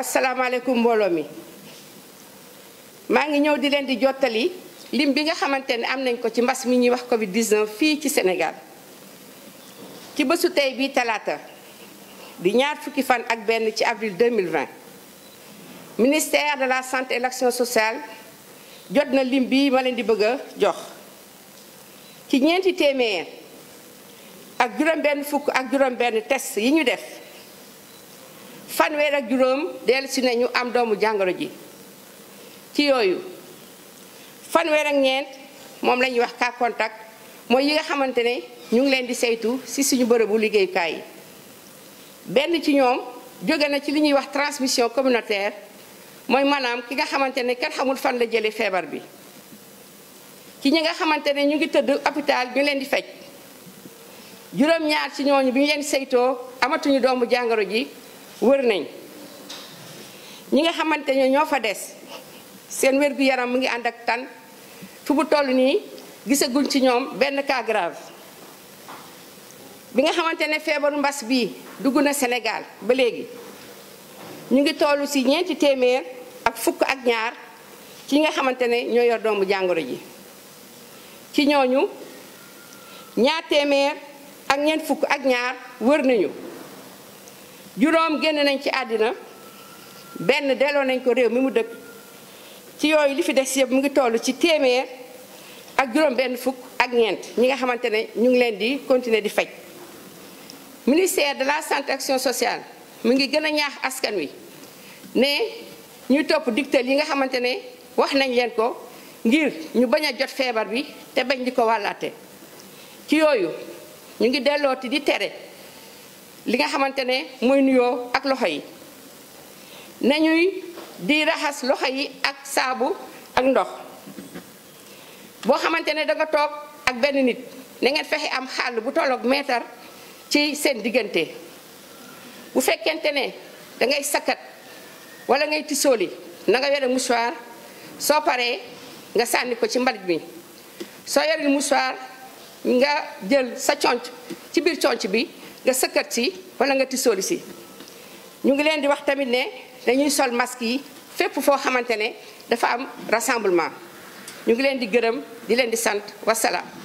asalaamaaleykum mbooloo mi maa ngi ñëw di leen di jottali lim bi nga xamante ni am nañ ko ci mbas mi ñuy wax Covid fii ci Sénégal ci bësu tey bii talaata di ñaar fukki fan ak benn ci avril 2020 ministère de la santé et l' sociale jot na lim bi ma leen di bëgg a jox ci ñeenti téeméer ak juróom-benn fukk ak juróom-benn test yi ñu def. fanweer ak juróom dellusi nañu am doomu jàngoro ji ci yooyu fanweer ak ñeent moom lañuy wax cas contact mooy yi nga xamante ne ñu ngi leen di saytu ci suñu bërëbu liggéeykaay yi benn ci ñoom jóge na ci li ñuy wax transmission communautaire mooy maanaam ki nga xamante ne kenn xamul fan la jëlee feebar bi ci ñi nga xamante ne ñu ngi tëdd hôpital ñu leen di faj juróom-ñaar ci ñooñu bi ñu leen saytoo amatuñu doomu jàngoro ji wër nañ ñi nga xamante ne ñoo fa des seen wér-gu-yaram mu ngi ànd ak tan fu bu toll nii gisaguñ ci ñoom benn cas grave bi nga xamante ne feebaru mbas bii dugg na Sénégal ba léegi ñu ngi tollu ci ñeenti téeméer ak fukk ak ñaar ci nga xamante ne ñoo yor doomu jàngoro ji ci ñooñu ñaar téeméer ak ñeent fukk ak ñaar wër nañu juróom génn nañ ci àddina benn delloo nañ ko réew mi mu dëkk ci yooyu li fi des yëpp mu ngi toll ci téeméer ak juróom benn fukk ak ñeent ñi nga xamante ne ñu ngi leen di continuer di faj ministère de la santé action sociale mu ngi gën a ñaax askan wi ne ñuy topp digtal yi nga xamante ne wax nañ leen ko ngir ñu bañ a jot feebar bi te bañ di ko wàllaate ci yooyu ñu ngi dellooti di tere li nga xamante ne mooy nuyoo ak loxo yi nañuy di raxas loxo yi ak saabu ak ndox boo xamante ne danga toog ak benn nit na fexe am xàll bu tolloog meetar ci seen diggante bu fekkente ne dangay sakkat wala ngay tisooli na nga yore mouchoir soo paree nga sànni ko ci mbarit mi soo yore mouchoir nga jël sa conc ci biir conc bi nga sëkkat si wala nga tisooli si ñu ngi leen di wax tamit ne dañuy sol masque yi fépp foo xamante ne dafa am rassemblement ñu ngi leen di gërëm di leen di sant wasalaam